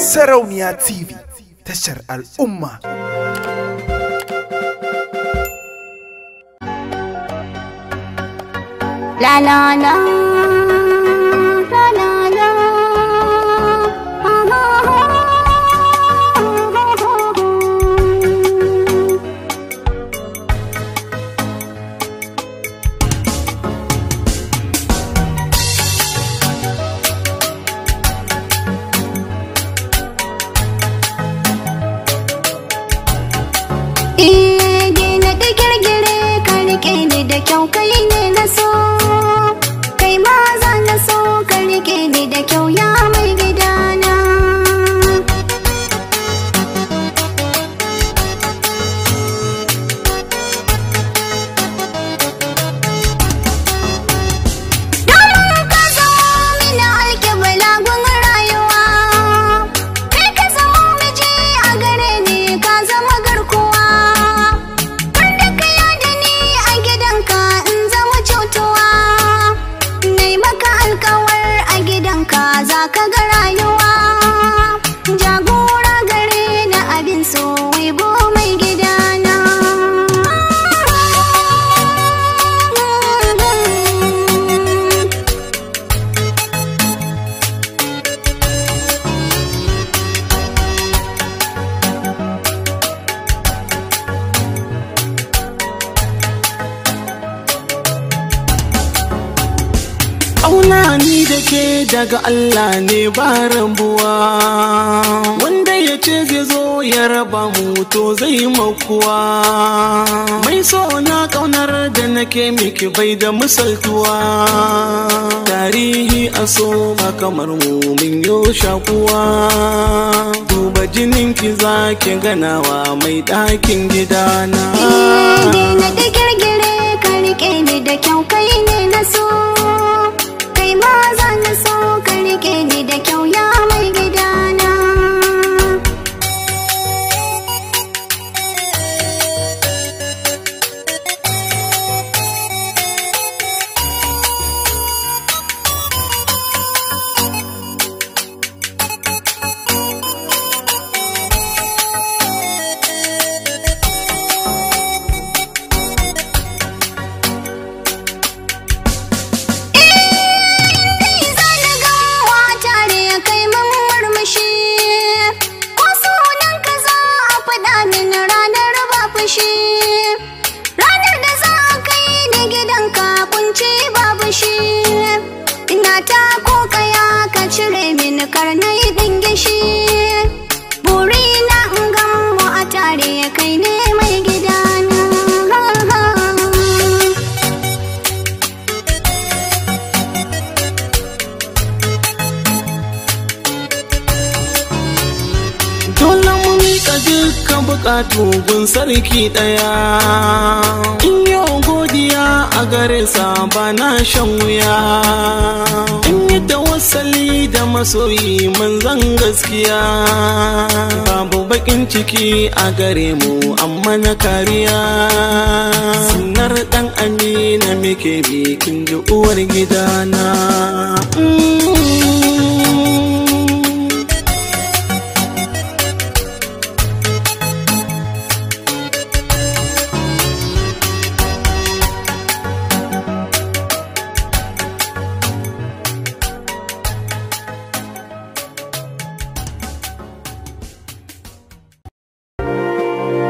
Sarauniya TV tashar al'umma. La la la. el we both auna ni da ke daga Allah ne ba rambuwa wanda ya ce zai zo ya raba mu to zai makuwa mai so na kaunar da nake miki bai da misaltuwa tarihi a so ba kamar mu min yo shakuwa duba jininki ki zaki ganawa mai ɗakin gidana dole mu miƙa duka buƙatu gun sarki ɗaya in yau godiya a gare ba na shan wuya in yi wasali da masoyi manzan gaskiya babu baƙin ciki a gare mu amma na kariya sunar ɗan amina muke bikin uwar gidana mm.